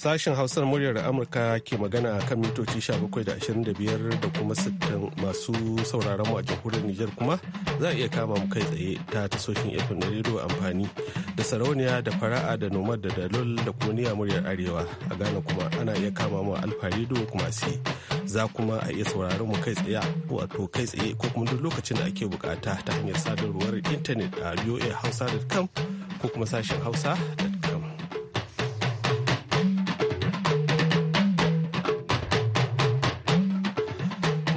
Sashen Hausar muryar Amurka ke magana kan mitoci 17.25 da kuma 60 masu sauraron mu a jamhuriyar Nijar kuma za a iya kama mu kai tsaye ta tasoshin FM na rediyo amfani da sarauniya da fara'a da nomad da dalol da kuma niya muryar Arewa a Ghana kuma ana iya kama mu alfa rediyo kuma si za kuma a iya sauraron mu kai tsaye wato kai tsaye ko kuma duk lokacin da ake bukata ta hanyar sadarwar intanet a voahausa.com ko kuma sashen da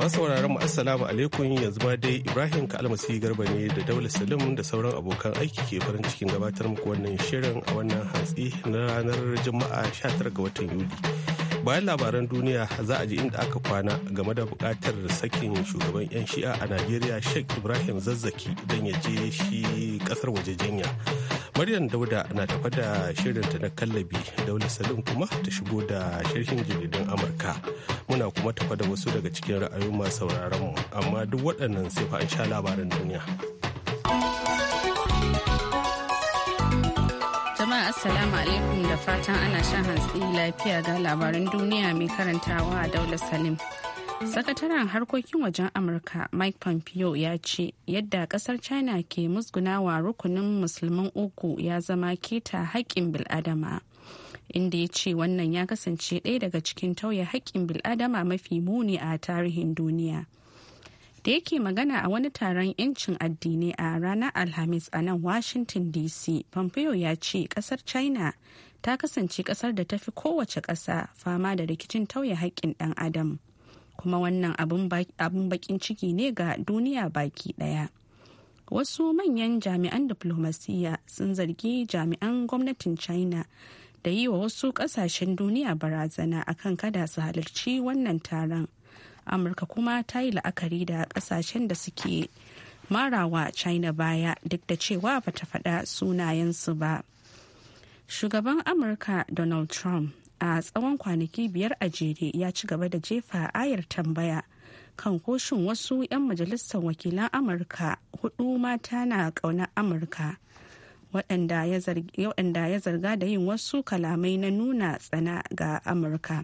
sauraron mu assalamu alaikum yanzu ma dai Ibrahim ka almasi Garba ne da Daula Salim da sauran abokan aiki ke farin cikin gabatar muku wannan shirin a wannan hatsi na ranar Juma'a 19 ga watan Yuli. bayan labaran duniya za a ji inda aka kwana game da bukatar sakin shugaban 'yan shi'a a najeriya sheikh ibrahim zazzaki don ya je shi kasar waje jinya maryam dauda na tafa da shirinta na kallabi daula salim kuma ta shigo da sharhin jaridun amurka muna kuma tafa da wasu daga cikin ra'ayoyin masu sauraron mu amma duk waɗannan sai fa an sha labaran duniya. Assalamu alaikum da fatan ana shan hantsi lafiya ga labarin duniya mai karantawa a daular Salim. Sakataren harkokin wajen Amurka Mike Pompeo ya ce yadda kasar China ke musgunawa rukunin musulman uku ya zama keta haƙƙin bil'adama. Inda ya ce wannan ya kasance ɗaya daga cikin tauye haƙƙin bil'adama mafi muni a tarihin duniya. da yake magana a wani taron 'yancin addinai a ranar alhamis a nan washington dc pompeo ya ce kasar china ta kasance kasar da ta fi kowace kasa fama da rikicin tauye haƙƙin ɗan adam kuma wannan abin baƙin ciki ne ga duniya baki ɗaya wasu manyan jami'an diflomasiyya sun zargi jami'an gwamnatin china da yi wa wasu ƙasashen duniya barazana akan kada su halarci wannan taron. amurka kuma ta yi la'akari da kasashen da suke marawa china baya duk da cewa ba ta faɗa sunayensu ba shugaban amurka donald trump a tsawon kwanaki biyar a jere ya ci gaba da jefa ayar tambaya kan koshin wasu 'yan majalisar wakilan amurka hudu mata na ƙaunar amurka waɗanda ya zarga da yin wasu kalamai na nuna tsana ga amurka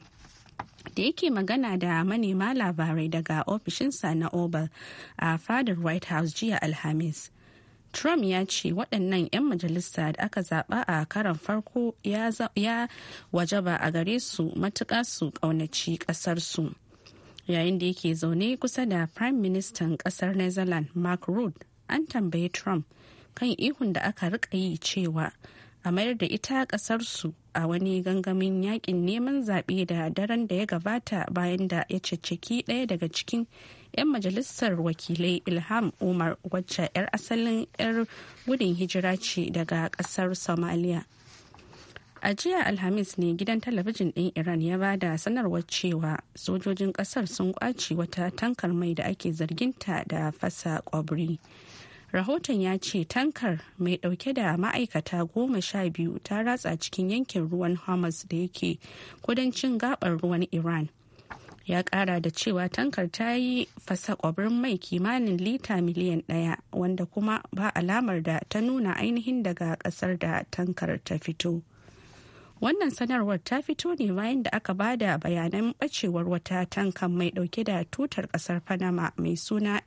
da yake magana da manema labarai daga ofishinsa na obal a fadar white house jiya alhamis trump ya ce waɗannan 'yan majalisa da aka zaɓa a karan farko ya wajaba a gare su matuƙa su ƙaunaci ƙasarsu yayin da yake zaune kusa da prime ministan ƙasar netherlands mark rudd an tambayi trump kan ihun da aka riƙa yi cewa a mayar da ita ƙasarsu a wani gangamin yakin neman zaɓe da daren da ya gabata bayan da ya caccaki ɗaya daga cikin 'yan majalisar wakilai ilham umar wacce 'yar asalin 'yar gudun hijira ce daga ƙasar somalia a jiya alhamis ne gidan talabijin ɗin iran ya ba da sanarwar cewa sojojin ƙasar sun kwace wata tankar mai da ake zarginta da fasa kwabri. rahoton ya ce tankar mai dauke da ma'aikata goma sha biyu ta ratsa cikin yankin ruwan hamas da yake kudancin gabar ruwan iran ya kara da cewa tankar ta yi fasa kwabrin mai kimanin lita miliyan daya wanda kuma ba alamar da ta nuna ainihin daga kasar da tankar ta fito wannan sanarwar ta fito ne bayan da aka bada bayanan bacewar wata tankan mai dauke da tutar kasar panama mai suna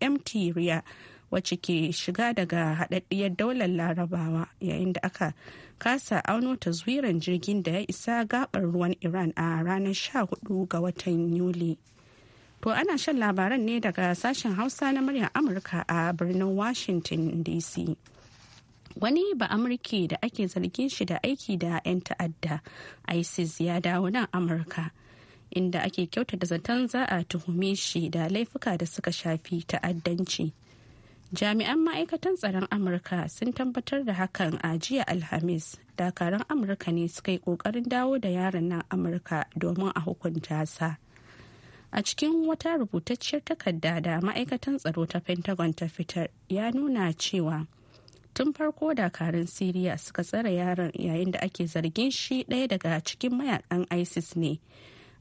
mt ria wacce ke shiga daga haɗaɗɗiyar daular larabawa yayin da aka kasa auno taswiran jirgin da ya isa gabar ruwan iran a ranar 14 ga watan yuli to ana shan labaran ne daga sashen hausa na muryar amurka a birnin washington dc wani ba amurki da ake zargin shi da aiki da 'yan ta'adda isis ya dawo nan amurka inda ake kyautata zaton za a tuhume shi da laifuka da suka shafi ta'addanci jami'an ma'aikatan tsaron amurka sun tabbatar da hakan a jiya alhamis dakaran amurka ne suka yi kokarin dawo da yaron nan amurka domin a hukunta sa a cikin wata rubutacciyar takarda da ma'aikatan tsaro ta pentagon ta fitar ya nuna cewa tun farko dakarun siriya suka tsare yaron yayin da ake zargin shi ɗaya daga cikin mayakan isis ne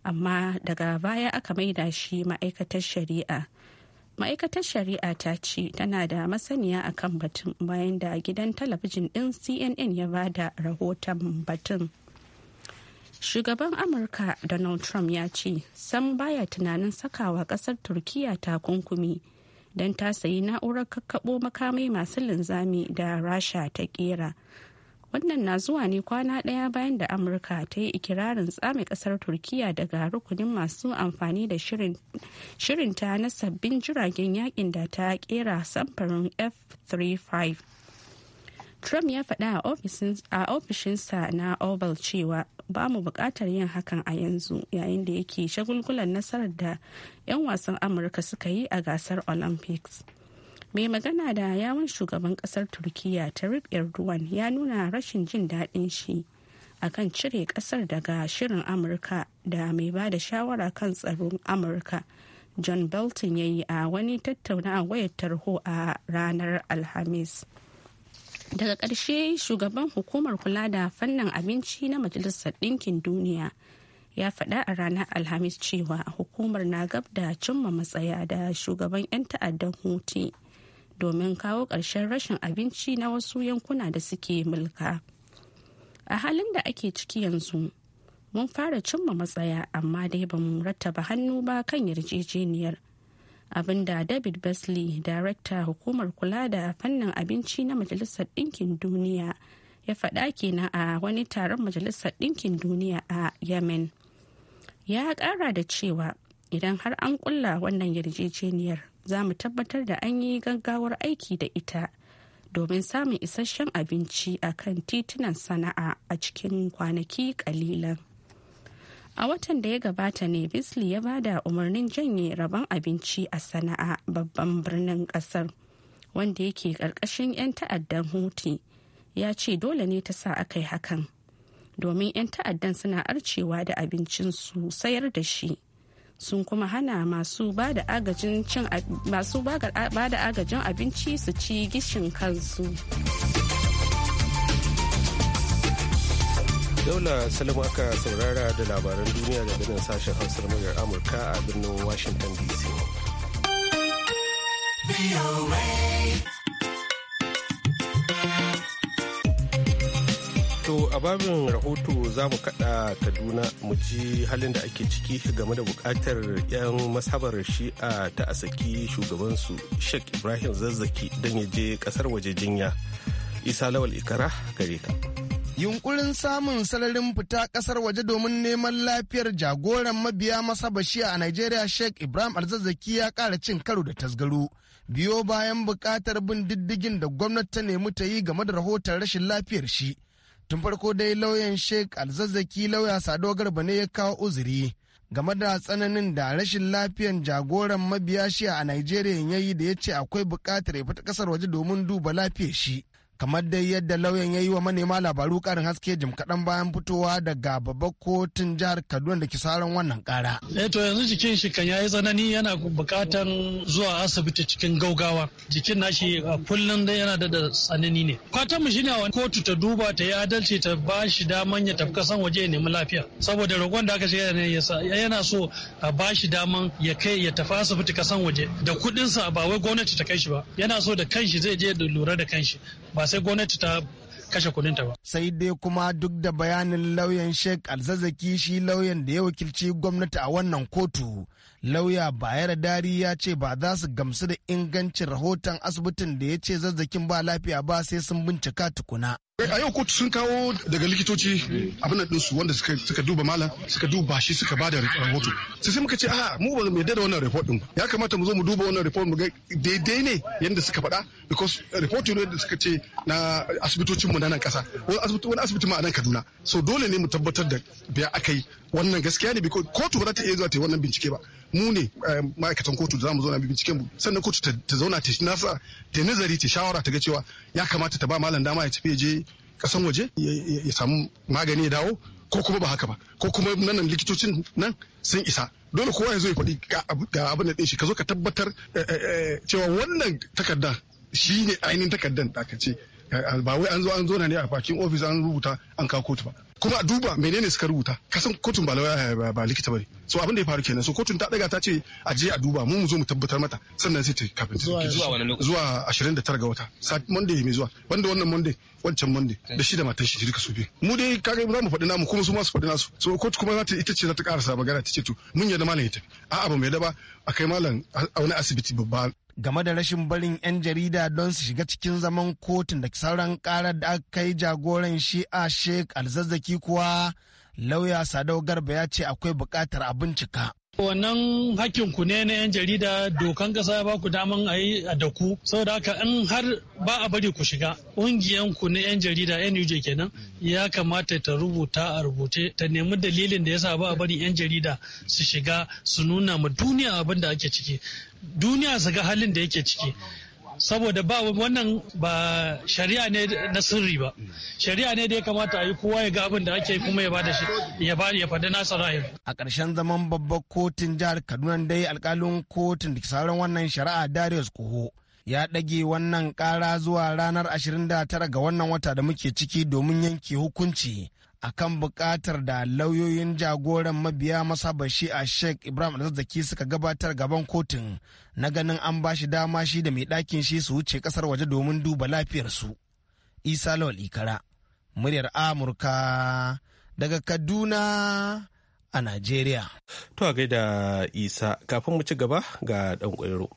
amma daga baya aka maida shi ma'aikatar shari'a ma'aikatar shari'a ta ce tana da masaniya a kan batun bayan da gidan talabijin ɗin cnn ya bada rahoton batun shugaban amurka donald trump ya ce sam baya tunanin sakawa kasar turkiya takunkumi don ta sayi na'urar kakkaɓo makamai masu linzami da rasha ta kera wannan na zuwa ne kwana ɗaya bayan da amurka ta yi ikirarin tsame ƙasar turkiya daga rukunin masu amfani da shirinta na sabbin jiragen yakin da ta kera samfarin f-35 trump ya faɗa a ofishinsa na oval cewa ba mu buƙatar yin hakan a yanzu yayin da yake shagulgulan nasarar da 'yan wasan amurka suka yi a gasar olympics mai magana da yawon shugaban kasar turkiya tarif erdogan ya nuna rashin jin daɗin shi akan cire kasar daga shirin amurka da mai ba da shawara kan tsaron amurka john belton ya yi a wani tattaunawa wayar tarho a ranar alhamis daga ƙarshe shugaban hukumar kula da fannin abinci na majalisar ɗinkin duniya ya faɗa a ranar alhamis cewa hukumar na gab da cimma matsaya da shugaban 'yan ta'addan huti domin kawo ƙarshen rashin abinci na wasu yankuna da suke mulka a halin da ake ciki yanzu mun fara cimma matsaya amma dai ba mu rattaba hannu ba kan yarjejeniyar abinda david besley darakta hukumar kula da fannin abinci na majalisar ɗinkin duniya ya faɗa kenan a wani taron majalisar ɗinkin duniya a yemen ya ƙara da cewa idan har an ƙulla wannan yarjejeniyar za mu tabbatar da an yi gaggawar aiki da ita domin samun isasshen abinci a kan titunan sana'a a cikin kwanaki kalilan. a watan da ya gabata ne Bisli ya ba da umarnin janye rabon abinci a sana'a babban birnin kasar wanda yake karkashin 'yan ta'addan huti ya ce dole ne ta sa aka yi hakan domin 'yan ta'addan suna arcewa da abincinsu sayar da shi sun kuma hana masu ba da agajin abinci su ci gishin kansu. daula salamu aka saurara da labaran duniya daga nan sashen hausar muryar amurka a birnin washington dc a babin rahoto za mu kaɗa Kaduna mu ji halin da ake ciki game da bukatar 'yan masabar shi'a ta asaki shugabansu Sheikh Ibrahim Zazzaki don ya je ƙasar waje jinya. Isa Lawal Ikara gare ka. yunkurin samun sararin fita ƙasar waje domin neman lafiyar jagoran mabiya masa bashiya a nigeria Sheikh Ibrahim Alzazzaki ya ƙara cin karo da tasgaro. Biyo bayan buƙatar bin diddigin da gwamnati ta nemi ta yi game da rahoton rashin lafiyar shi Tun farko dai lauyan Sheikh Alzazzaki lauya Sado Garba ne ya kawo uzuri game da tsananin da rashin lafiyan jagoran mabiya shi a Nigeria yayi da ya ce akwai bukatar ya fita ƙasar waje domin duba lafiyar shi. kamar dai yadda lauyan ya yi wa manema labaru karin haske jim kaɗan bayan fitowa daga babban kotun jihar kaduna da kisaran wannan kara. Eh, to yanzu jikin shi kan yayi tsanani yana buƙatan zuwa asibiti cikin gaugawa jikin nashi kullum dai yana da tsanani ne kwatan mu shine wani kotu ta duba ta yi adalci ta ba shi daman ya tafi kasan waje ya nemi lafiya saboda roƙon da aka ce yana so a ba shi daman ya kai ya tafi asibiti kasan waje da kuɗinsa ba wai gwamnati ta kai shi ba yana so da kanshi zai je da lura da kanshi ba sai gwamnati ta kashe kudinta ba. Sai dai kuma duk da bayanin lauyan Sheikh Alzazaki shi lauyan da ya wakilci gwamnati a wannan kotu. Lauya Bayera Dari ya ce ba za su gamsu da ingancin rahoton asibitin da ya ce zazzakin ba lafiya ba sai sun bincika tukuna. a yau kotu sun kawo daga likitoci abin da ɗinsu wanda suka duba malam suka duba shi suka bada rahoto sai sai muka ce a mu ba mu yadda da wannan report din ya kamata mu zo mu duba wannan report mu ga daidai ne yanda suka faɗa because report ne da suka ce na asibitocin mu na nan ƙasa wani asibiti wani asibiti ma a nan Kaduna so dole ne mu tabbatar da biya akai wannan gaskiya ne because kotu ba za ta iya zuwa ta yi wannan bincike ba mu ne eh, ma'aikatan kotu da za mu zauna mu binciken mu sannan kotu ta zauna ta nasa ta nazari ta shawara ta ga cewa ya kamata ta ba malam dama ya tafi je kasan waje ya samu magani ya dawo ko kuma ba haka ba ko kuma nan likitocin nan sun isa dole kowa ya zo ya faɗi ga abin da shi ka zo ka tabbatar eh, eh, eh, cewa wannan takarda shi ne ainihin takardar da aka ce Eh, ba wai an zo an zo ne a bakin ofis an rubuta an kawo kotu ba kuma a duba menene suka rubuta kasan kotun eh, ba ba likita bane so abin da ya faru kenan so kotun ta daga ta ce a je a duba mu mu zo mu tabbatar mata sannan sai ta kafin ta zuwa wani lokaci zuwa 29 ga wata monday mai zuwa wanda wannan monday wancan monday eh. da shi da matan shi jirka su biyu mu dai kage za mu faɗi namu kuma su ma su faɗi nasu so kotu kuma za ta ita ce za ta karasa magana ta ce to mun yarda malam ya tafi a'a ba mai da ba a kai malam a wani asibiti babba game da rashin barin 'yan jarida don su shiga cikin zaman kotun da sauran karar da aka kai jagoran shi'a sheikh alzazzaki kuwa lauya sadau garba ya ce akwai bukatar a bincika wannan hakkin ku ne na 'yan jarida dokan kasa ba ku daman a yi a daku saboda haka in har ba a bari ku shiga ƙungiyan ku na 'yan jarida nuj kenan ya kamata ta rubuta a rubuce ta nemi dalilin da ya sa ba a bari 'yan jarida su shiga su nuna ma duniya abin da ake ciki duniya su ga halin da yake ciki saboda ba wannan ba shari'a ne na sirri ba shari'a ne da ya kamata a yi kowa ya ga abin da ake kuma ya bada shi ya bada ya fada nasa ra'ayin a ƙarshen zaman babban kotun jihar Kaduna dai alkalin kotun da sauran wannan shari'a Darius Kuho ya ɗage wannan ƙara zuwa ranar 29 ga wannan wata da muke ciki domin yanke hukunci akan bukatar da lauyoyin jagoran mabiya shi a sheikh ibrahim alzazzaki suka gabatar gaban kotun na ganin an ba shi dama shi da mai ɗakin shi su wuce ƙasar waje domin duba lafiyarsu isa lawal ikara muryar amurka daga kaduna a najeriya to a gaida isa kafin mu ci gaba ga ɗan ƙwairo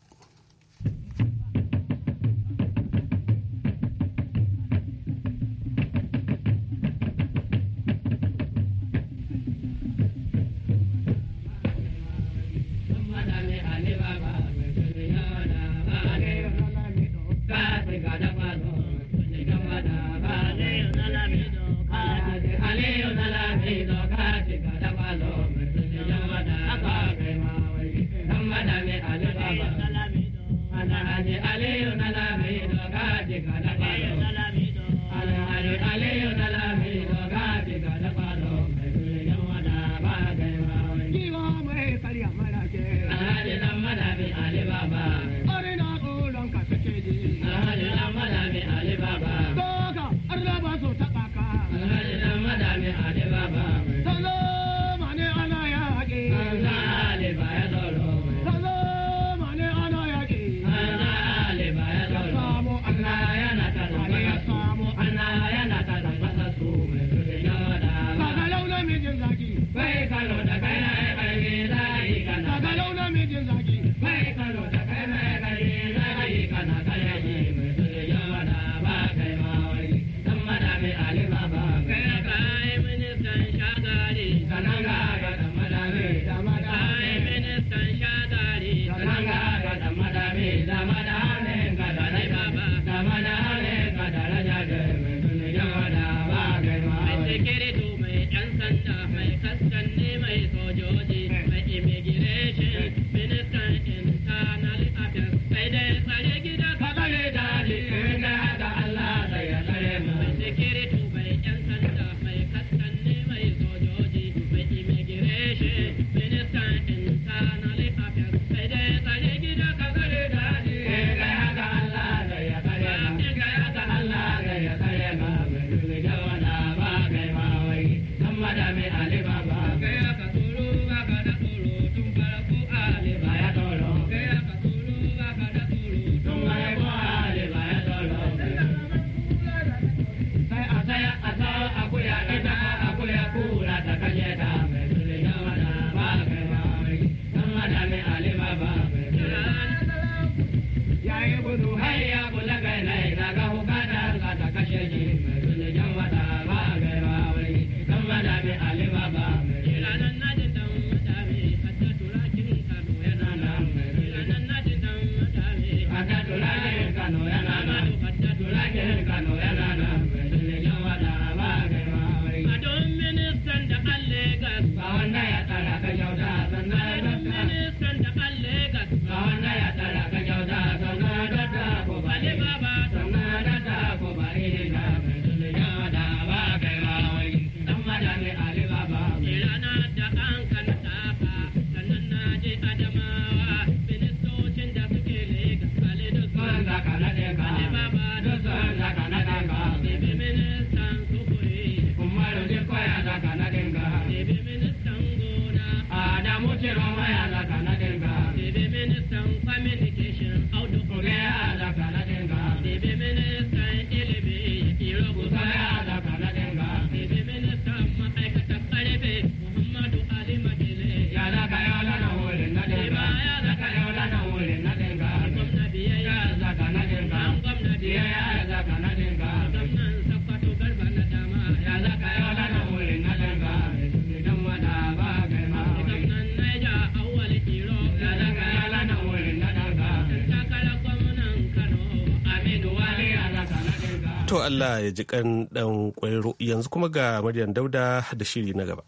Allah ya ji kan dan kwairo yanzu kuma ga Maryam Dauda da shiri na gaba.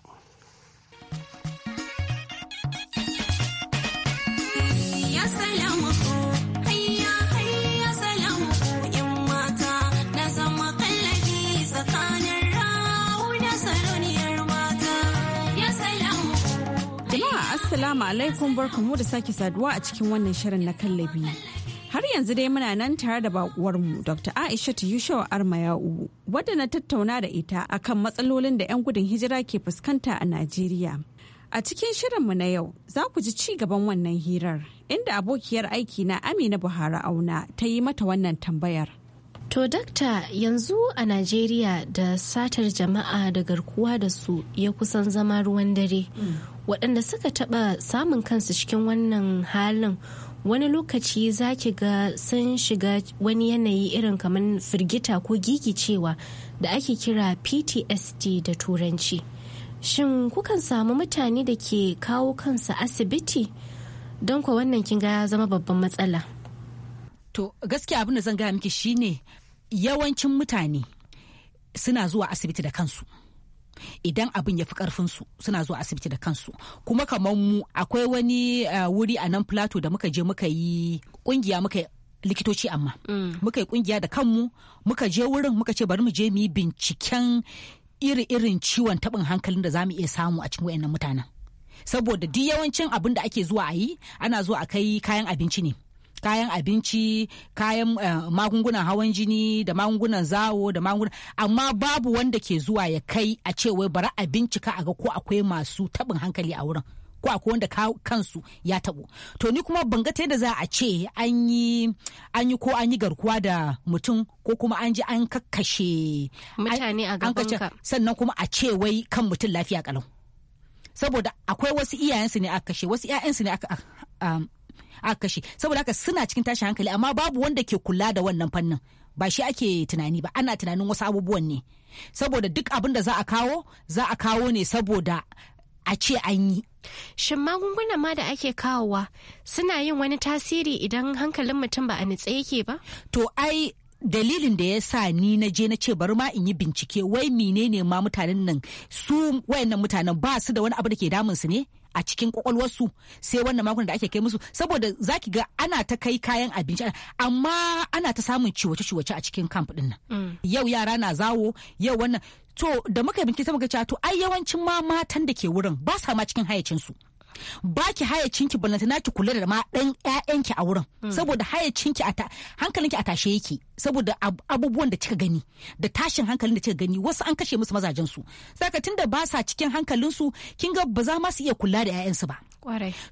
Assalamu alaikum barkamu da sake saduwa a cikin wannan shirin na kallabi. Har yanzu dai muna nan tare da mu Dr. Aisha Yushawa Armayau wadda na tattauna da ita akan matsalolin da 'yan gudun hijira ke fuskanta a Najeriya. A cikin shirin mu na yau za ku ji ci gaban wannan hirar inda abokiyar aiki na Amina Buhari Auna ta yi mata wannan tambayar. To dakta yanzu a Najeriya da satar jama'a da garkuwa da su ya kusan zama ruwan dare. Mm. Waɗanda suka taɓa samun kansu cikin wannan halin wani lokaci za ki ga sun shiga wani yanayi irin kamar firgita ko gigicewa da ake kira ptsd da turanci shin kukan samu mutane da ke kawo kansa asibiti don kuwa wannan kin ga zama babban matsala to gaskiya abin da zan gaya miki shine yawancin mutane suna zuwa asibiti da kansu idan abin ya fi karfinsu suna zuwa asibiti da kansu kuma kamar mu akwai wani eh, wuri a nan plateau da muka je muka yi kungiya muka likitoci amma mm. muka yi kungiya da kanmu muka je wurin muka ce bari mu je mu yi binciken iri-irin ciwon taɓin hankalin da za mu iya samu a cikin wayannan mutanen saboda duk yawancin abin da ake zuwa a yi ana zuwa a kai kayan abinci ne kayan abinci kayan eh, magungunan hawan jini da magungunan zawo da magungunan amma babu wanda ke zuwa ya kai a ce wai abinci a bincika a ga ko akwai masu taɓin hankali a wurin ko akwai wanda kansu ya taɓo to ni kuma ban ga ta yadda za a ce an yi an yi ko an yi garkuwa da mutum ko kuma an ji an kakkashe mutane a ka sannan kuma a ce wai kan mutum lafiya kalau saboda akwai wasu iyayensu ne aka kashe wasu iyayensu ne aka um, a kashe saboda haka suna cikin tashin hankali amma babu wanda ke kula da wannan fannin ba shi ake tunani ba ana tunanin wasu abubuwan ne saboda duk abin da za a kawo za a kawo ne saboda a ce an yi shin magungunan ma da ake kawowa suna yin wani tasiri idan hankalin mutum ba a nitse yake ba to ai dalilin da ya sa ni na je na ce bari ma in yi bincike wai menene ma mutanen nan su wayannan mutanen ba su da wani abu da ke damun su ne a cikin kwakwalwarsu sai wannan makon da ake kai musu saboda zaki ga ana ta kai kayan abinci amma ana ta samun ciwace-ciwace a cikin camp din nan mm. yau yara na zawo yau wannan to da muka bincike sai muka cewa to ai yawancin ma matan da ke wurin ba sa ma cikin hayacin su baki hayacinki ballantana ki kula da ma dan ƴaƴanki a wurin hmm. saboda hayacinki a hankalinki a tashe yake saboda abubuwan da kika gani da tashin hankalin da kika gani wasu an kashe musu mazajen su saka tunda ba sa cikin hankalin su kin ga ba za ma su iya kula da ƴaƴansu ba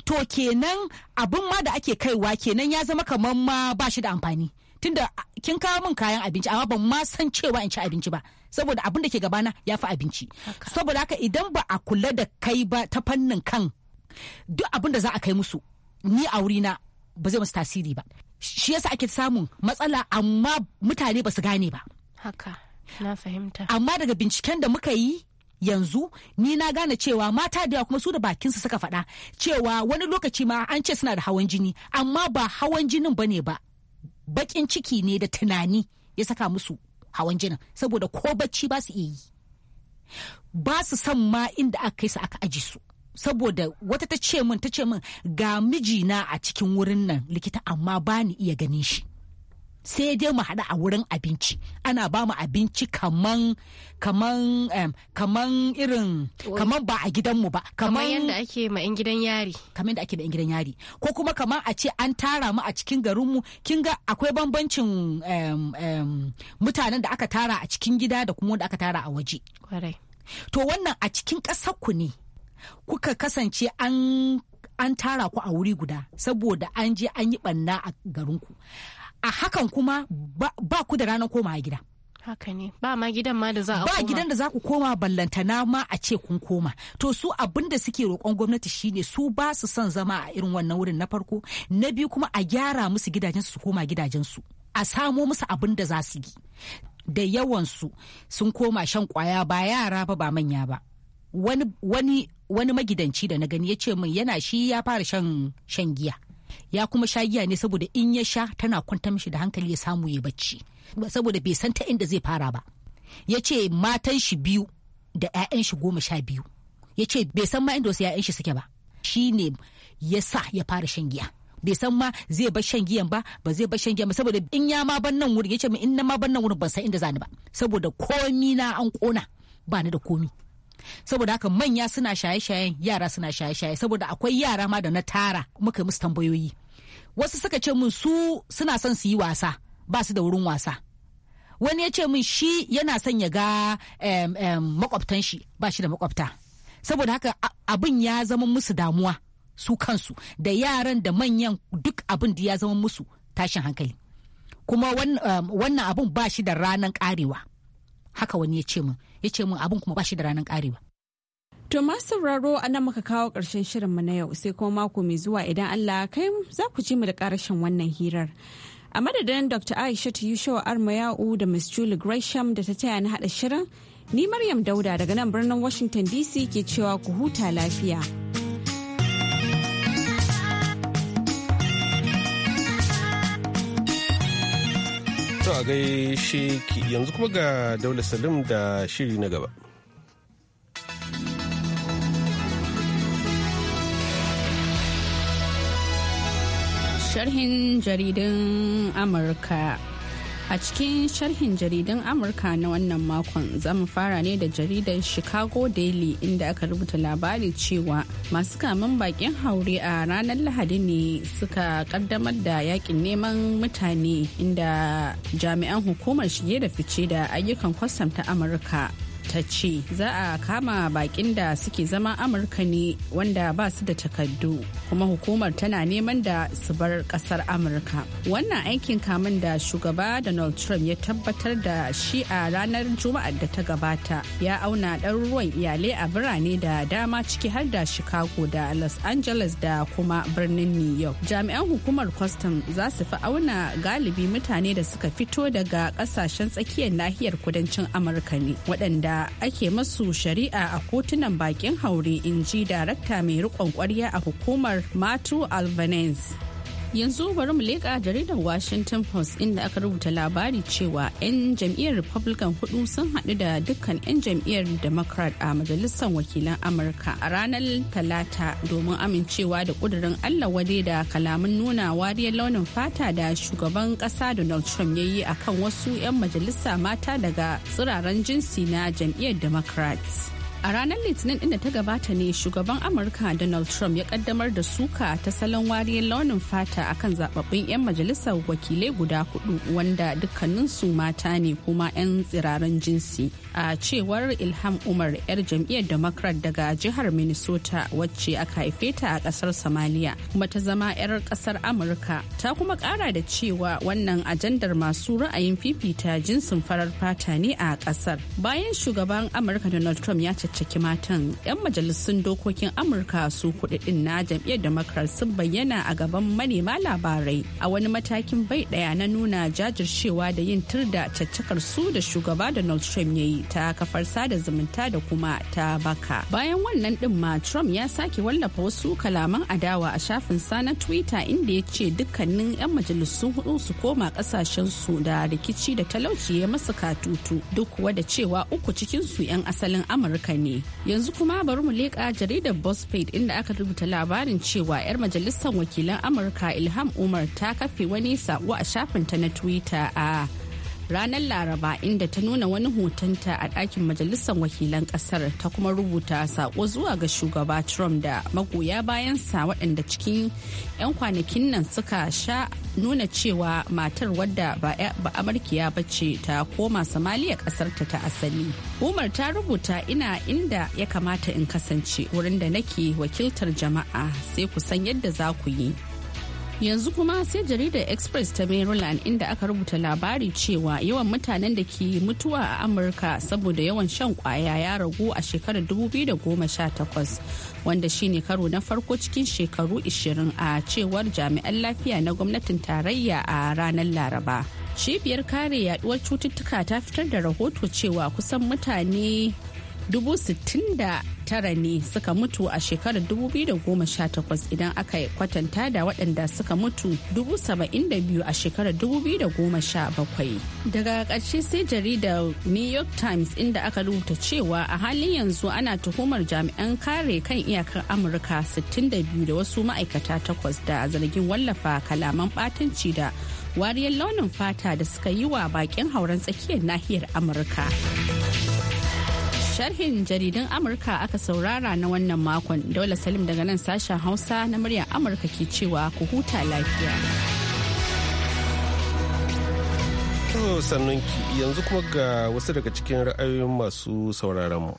to kenan abin ma da ake kaiwa kenan ya zama kamar ma ba shi da amfani tunda kin kawo min kayan abinci amma ban ma san cewa in ci abinci ba saboda abin da ke gabana ya fi abinci saboda haka idan ba a kula da kai ba ta fannin kan duk abin da za a kai musu ni a wurina ba zai musu tasiri ba shi yasa ake samun matsala amma mutane ba su gane ba haka na fahimta amma daga binciken da muka yi yanzu ni na gane cewa mata da yawa kuma su da bakin su suka faɗa cewa wani lokaci ma an ce suna da hawan jini amma ba hawan jinin ba ne ba bakin ciki ne da tunani ya saka musu hawan jinin saboda ko bacci ba su iya yi ba su san ma inda aka kai su aka aji su saboda wata ta ce min ta ce min ga mijina a cikin wurin nan likita amma ba ni iya ganin shi sai dai mu hada a wurin abinci ana ba mu abinci kaman kaman um, kaman irin kaman ba a gidanmu ba kaman yadda ake ma in gidan yari kaman da ake da in gidan yari ko kuma kaman a ce an tara mu a cikin garinmu kin ga akwai bambancin um, um, mutanen da aka tara a cikin gida da kuma wanda aka tara a waje to wannan a cikin ƙasar ku ne kuka kasance an an tara ku a wuri guda saboda an je an yi banna a garinku a hakan kuma ba, ku da ranar a gida haka ne ba ma gidan ma da za a ba gidan da za ku koma ballantana ma a ce kun koma to su abin da suke roƙon gwamnati shine su ba su son zama a irin wannan wurin na farko na biyu kuma a gyara musu gidajensu su koma gidajensu a samo musu abin da za su yi da yawan su sun koma shan kwaya ba yara ba ba manya ba wani, wani wani magidanci da na gani ya ce min yana shi ya fara shan shan giya ya kuma sha giya ne saboda in ya sha tana kwanta mishi da hankali ya samu ya bacci saboda bai san ta inda zai fara ba ya ce matan shi biyu da 'ya'yan shi goma sha biyu ya ce bai san ma inda wasu 'ya'yan shi suke ba shi ne ya sa ya fara shan giya bai san ma zai bar shan giyan ba ba zai bar shan giyan ba saboda in ya ma ban nan wurin ya ce in na ma ban nan wurin ban san inda zani ba saboda komi na an kona ba ni da komi saboda haka manya suna shaye-shayen yara suna shaye-shaye saboda akwai yara ma da na tara muka musu tambayoyi wasu suka ce mun su suna son su yi wasa ba su da wurin wasa wani ya ce mun shi yana son ya ga makwabtan shi ba shi da makwabta saboda haka abin ya zama musu damuwa su kansu da yaran da manyan duk abin da ya zama musu tashin hankali kuma wannan abin ba shi da ranan karewa haka wani ya ce min ya ce mun abin kuma ba shi da ranar karewa. To masu sauraro a nan muka kawo ƙarshen shirinmu na yau sai kuma mako mai zuwa idan Allah kai za ku ji mu da ƙarashin wannan hirar. A madadin Dr. Aisha Yushewa Armayau da ms Julie Gresham da ta taya na haɗa shirin, ni Maryam Dauda daga nan birnin Washington DC ke cewa ku huta lafiya. To a gaishe yanzu kuma ga Daula Salim da shiri na gaba. Sharhin jaridun Amurka. A cikin sharhin jaridun Amurka na wannan makon za mu fara ne da jaridar Chicago Daily inda aka rubuta labari cewa masu kamun bakin haure a ranar Lahadi ne suka kaddamar da yakin neman mutane inda jami'an hukumar shige da fice da ayyukan kwastam ta Amurka ta ce za a kama bakin da suke zama amurka ne wanda ba su da takardu kuma hukumar tana neman da su bar kasar amurka wannan aikin kamun da shugaba donald trump ya tabbatar da shi a ranar juma'ar da ta gabata ya auna ɗaruruwan iyalai a birane da dama ciki har da chicago da los angeles da kuma birnin new york jami'an hukumar kwastam za su fi auna galibi mutane da suka fito daga ƙasashen tsakiyar nahiyar kudancin amurka ne waɗanda ake masu shari'a a kotunan bakin haure in ji darakta mai riƙon kwarya a hukumar matu albanese yanzu bari mu leƙa jaridar washington post inda aka rubuta labari cewa 'yan jam'iyyar republican hudu sun haɗu da dukkan 'yan jam'iyyar democrat a majalisar wakilan amurka a ranar talata domin amincewa da ƙudurin allah wade da kalaman nuna wariyar launin fata da shugaban ƙasa donald trump ya yi a kan wasu 'yan majalisa mata daga tsiraren jinsi na jam'iyyar democrats A ranar Litinin inda ta gabata ne shugaban Amurka Donald Trump ya kaddamar da suka ta salon wariyar launin fata a kan zababbin 'yan majalisar wakilai guda hudu wanda dukkaninsu mata ne kuma 'yan tsiraran jinsi. A cewar Ilham Umar 'yar jam'iyyar Democrat daga jihar Minnesota wacce aka haife ta a kasar Somalia kuma ta zama 'yar kasar Amurka. Ta kuma kara da cewa wannan ajandar masu ra'ayin fifita jinsin farar fata ne a kasar. Bayan shugaban Amurka Donald Trump ya ce caccaki matan 'yan majalisun dokokin amurka su din na jam'iyyar democrat sun bayyana a gaban manema labarai a wani matakin bai daya na nuna jajircewa da yin tur da caccakar su da shugaba donald trump ya yi ta kafar sada zumunta da kuma ta baka bayan wannan din ma trump ya sake wallafa wasu kalaman adawa a shafin sa na twitter inda ya ce dukkanin 'yan majalisun hudu su koma kasashen su da rikici da talauci ya masu katutu duk kuwa da cewa uku cikin su 'yan asalin amurka ne yanzu kuma bari mu leƙa jaridar buzzfeed inda aka rubuta labarin cewa 'yar majalisar wakilan amurka ilham umar ta kafe wani sako a shafinta na twitter a ranar laraba inda ta nuna wani hotonta a ɗakin majalisar wakilan ƙasar ta kuma rubuta saƙo zuwa ga shugaba trump da magoya bayansa waɗanda cikin 'yan kwanakin nan suka sha nuna cewa matar wadda ba amurkiya ba ce ta koma somaliya ƙasarta ta asali umar ta rubuta ina inda ya kamata in kasance wurin da nake wakiltar jama'a sai ku san yadda za ku yi yanzu kuma sai jaridar express ta maryland inda aka rubuta labari cewa yawan mutanen da ke mutuwa a amurka saboda yawan shan kwaya ya ragu a shekarar 2018 wanda shine karo na farko cikin shekaru 20 a cewar jami'an lafiya na gwamnatin tarayya a ranar laraba cibiyar kare yaduwar cututtuka ta fitar da rahoto cewa kusan mutane tara ne suka mutu a shekarar 2018 idan aka kwatanta da waɗanda suka mutu 72 a shekarar 2017. Daga ƙarshe sai jaridar New York Times inda aka rubuta cewa a halin yanzu ana tuhumar jami'an kare kan iyakar Amurka 62 da wasu ma'aikata takwas da zargin wallafa kalaman ɓatanci da wariyar launin fata da suka yi wa bakin hauren tsakiyar nahiyar Amurka. Sharhin jaridun Amurka aka saurara na wannan makon dole Salim daga nan sashen Hausa na muryar Amurka ke cewa ku huta lafiya. sannan yanzu kuma ga wasu daga cikin ra'ayoyin masu sauraron mu.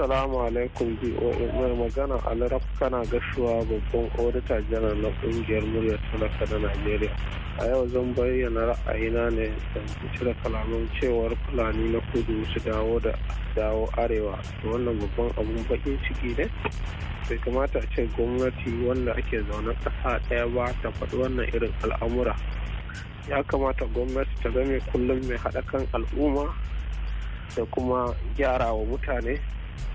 Assalamu alaikum BOA mai magana Alraf kana gashuwa babban odita janar na kungiyar murya talaka na Najeriya. A yau zan bayyana ra'ayina ne da cire kalaman cewar Fulani na kudu su dawo da dawo arewa. Wannan babban abun bakin ciki ne. Bai kamata ce gwamnati wanda ake zaune ƙasa ɗaya ba ta faɗi wannan irin al'amura. Ya kamata gwamnati ta zame kullum mai haɗa kan al'umma da kuma gyara wa mutane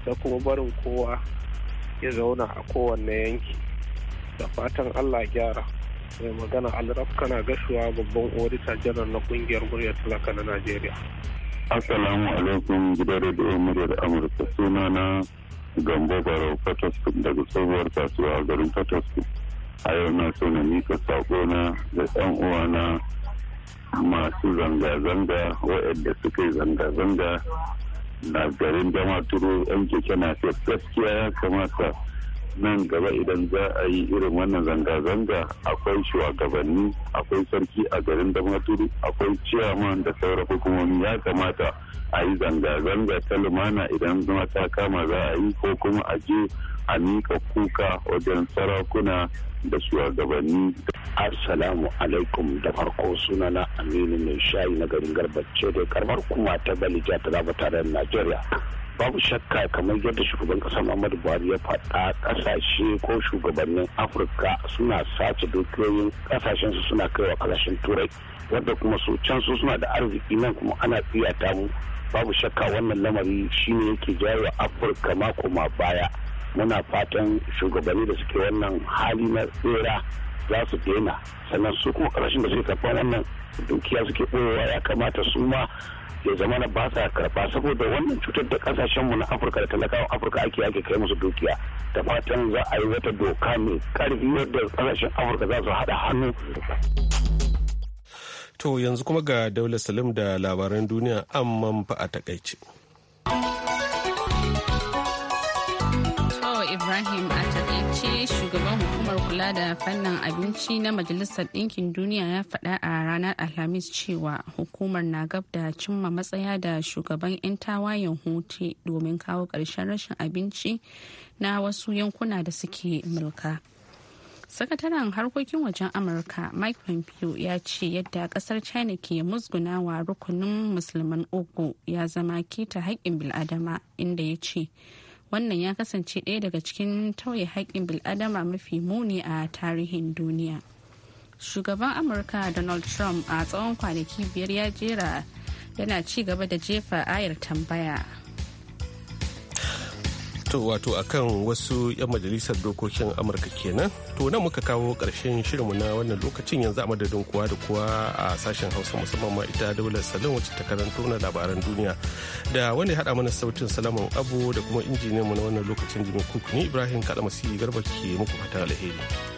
da kuma barin kowa ya zauna a kowanne yanki da fatan allah gyara mai magana alraf kana gashuwa babban odita janar na kungiyar murya talaka na najeriya assalamu alaikum gidan radio muryar amurka suna na gambo barau fataskun daga tsohuwar kasuwa garin fataskun a yau na so na mika sako na da yan uwana masu zanga-zanga waɗanda suka yi zanga-zanga na garin jama turo yan keke na gaskiya ya kamata nan gaba idan za a yi irin wannan zanga-zanga akwai shugabanni akwai sarki a garin damaturu akwai ciyaman da sauran hukumomi ya kamata a yi zanga-zanga ta lumana idan zama ta kama za a yi ko kuma a je a miƙa kuka wajen sarakuna da shugabanni. Assalamu alaikum da farko suna na Aminu mai shayi na garin garbace da karbar kuma ta Balija ta zaba tare da Najeriya. Babu shakka kamar yadda shugaban kasar Muhammadu Buhari ya faɗa ƙasashe ko shugabannin Afirka suna sace dukiyoyin su suna kai wa kasashen Turai. Wadda kuma su can su suna da arziki nan kuma ana tsiya mu babu shakka wannan lamari shine yake jawo Afirka mako ma baya. muna fatan shugabanni da suke wannan hali na tsera za su daina sannan su kuma karashin da suke karɓar wannan dukiya suke ɓoyewa ya kamata su ma ya zama na basa sa karɓa saboda wannan cutar da kasashen mu na afirka da talakawan afirka ake ake kai musu dukiya da fatan za a yi wata doka mai karfi wadda kasashen afirka za su haɗa hannu to yanzu kuma ga daular salim da labaran duniya amman fa a takaice. Ibrahim a takaice shugaban hukumar kula da fannin abinci na Majalisar Ɗinkin Duniya ya faɗa a ranar Alhamis cewa hukumar na gab da cimma matsaya da shugaban 'yan tawayen hutu domin kawo ƙarshen rashin abinci na wasu yankuna da suke mulka. sakataren harkokin wajen amurka mike pompeo ya ce yadda kasar china ke musgunawa rukunin musulman uku ya zama keta haƙƙin biladama inda ya ce wannan ya kasance ɗaya daga cikin tauye haƙƙin bil'adama mafi muni a tarihin duniya shugaban amurka donald trump a tsawon kwanaki biyar ya jera yana ci gaba da jefa ayar tambaya to wato akan wasu 'yan majalisar dokokin amurka kenan to nan muka kawo ƙarshen shirinmu na wannan lokacin yanzu a madadin kuwa da kuwa a sashen hausa musamman ma ita daular salon wacce ta karanto na labaran duniya da wanda ya haɗa mana sautin salaman abu da kuma injiniyanmu na wannan lokacin jimin kukuni ni ibrahim kalamasi garba ke muku fatan alheri